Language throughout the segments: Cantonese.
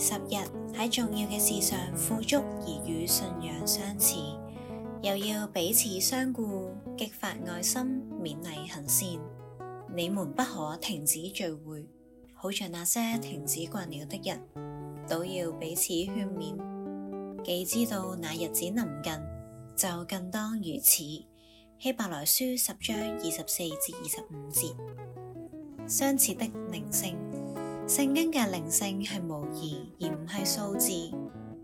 十日喺重要嘅事上富足而與信仰相似，又要彼此相顧，激發愛心，勉勵行善。你們不可停止聚會，好像那些停止慣了的人都要彼此勸勉。既知道那日子臨近，就更當如此。希伯來書十章二十四至二十五節，相似的靈性。聖經嘅靈性係模擬，而唔係數字。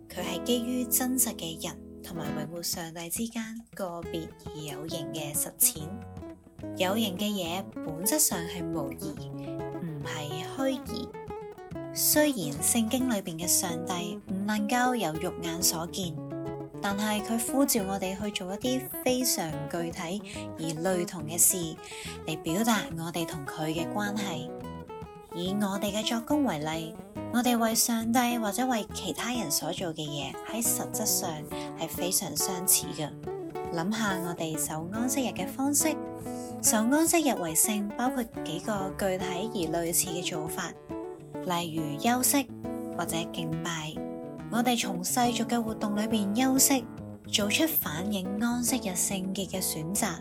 佢係基於真實嘅人同埋永活上帝之間個別而有形嘅實踐。有形嘅嘢本質上係模擬，唔係虛擬。雖然聖經裏邊嘅上帝唔能夠由肉眼所見，但係佢呼召我哋去做一啲非常具體而類同嘅事，嚟表達我哋同佢嘅關係。以我哋嘅作工為例，我哋為上帝或者為其他人所做嘅嘢，喺實質上係非常相似嘅。諗下我哋守安息日嘅方式，守安息日為聖，包括幾個具體而類似嘅做法，例如休息或者敬拜。我哋從世俗嘅活動裏邊休息，做出反映安息日聖潔嘅選擇。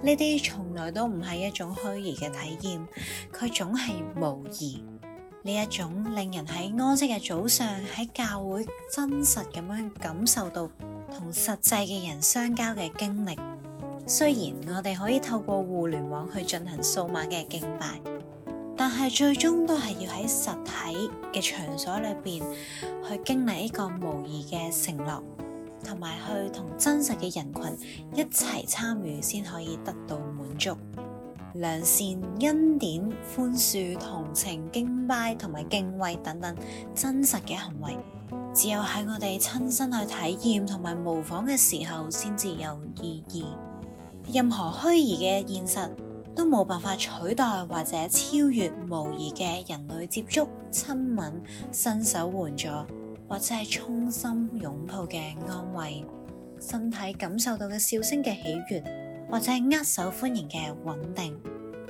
呢啲從來都唔係一種虛擬嘅體驗，佢總係無疑呢一種令人喺安息嘅早上喺教會真實咁樣感受到同實際嘅人相交嘅經歷。雖然我哋可以透過互聯網去進行數碼嘅敬拜，但係最終都係要喺實體嘅場所裏邊去經歷一個無疑嘅承諾，同埋去同真實嘅人群一齊參與，先可以得到滿足。良善、恩典、寬恕、同情、敬拜同埋敬畏等等真實嘅行為，只有喺我哋親身去體驗同埋模仿嘅時候，先至有意義。任何虛擬嘅現實都冇辦法取代或者超越無疑嘅人類接觸、親吻、伸手援助。或者係衷心擁抱嘅安慰，身體感受到嘅笑聲嘅喜悅，或者係握手歡迎嘅穩定。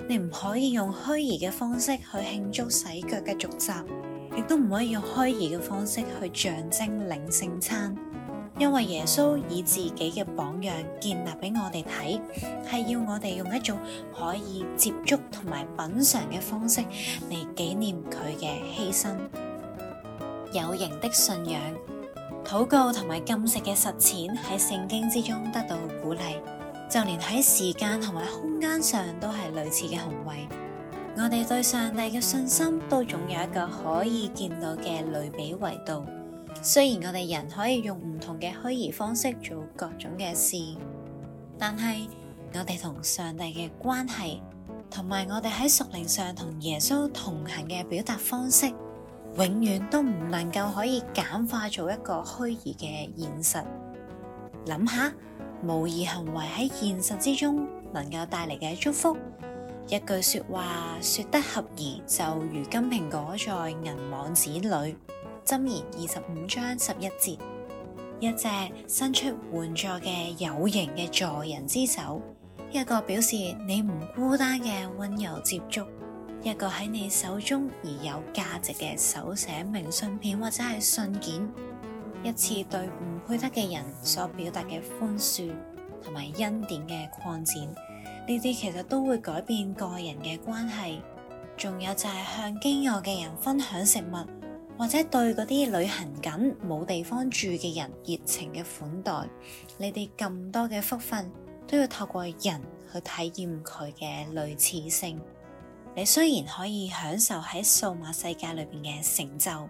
你唔可以用虛擬嘅方式去慶祝洗腳嘅俗習，亦都唔可以用虛擬嘅方式去象徵領聖餐，因為耶穌以自己嘅榜樣建立俾我哋睇，係要我哋用一種可以接觸同埋品嚐嘅方式嚟紀念佢嘅犧牲。有形的信仰，禱告同埋禁食嘅實踐喺聖經之中得到鼓勵，就連喺時間同埋空間上都係類似嘅行為。我哋對上帝嘅信心都總有一個可以見到嘅類比維度。雖然我哋人可以用唔同嘅虛擬方式做各種嘅事，但係我哋同上帝嘅關係同埋我哋喺屬靈上同耶穌同行嘅表達方式。永遠都唔能夠可以簡化做一個虛擬嘅現實。諗下，模擬行為喺現實之中能夠帶嚟嘅祝福。一句說話說得合宜，就如金蘋果在銀網子裡。箴言二十五章十一節，一隻伸出援助嘅有形嘅助人之手，一個表示你唔孤單嘅温柔接觸。一個喺你手中而有價值嘅手寫明信片或者係信件，一次對唔配得嘅人所表達嘅寬恕同埋恩典嘅擴展，呢啲其實都會改變個人嘅關係。仲有就係向飢餓嘅人分享食物，或者對嗰啲旅行緊冇地方住嘅人熱情嘅款待，你哋咁多嘅福分都要透過人去體驗佢嘅類似性。你雖然可以享受喺數碼世界裏邊嘅成就，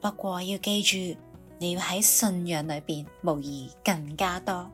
不過要記住，你要喺信仰裏邊無疑更加多。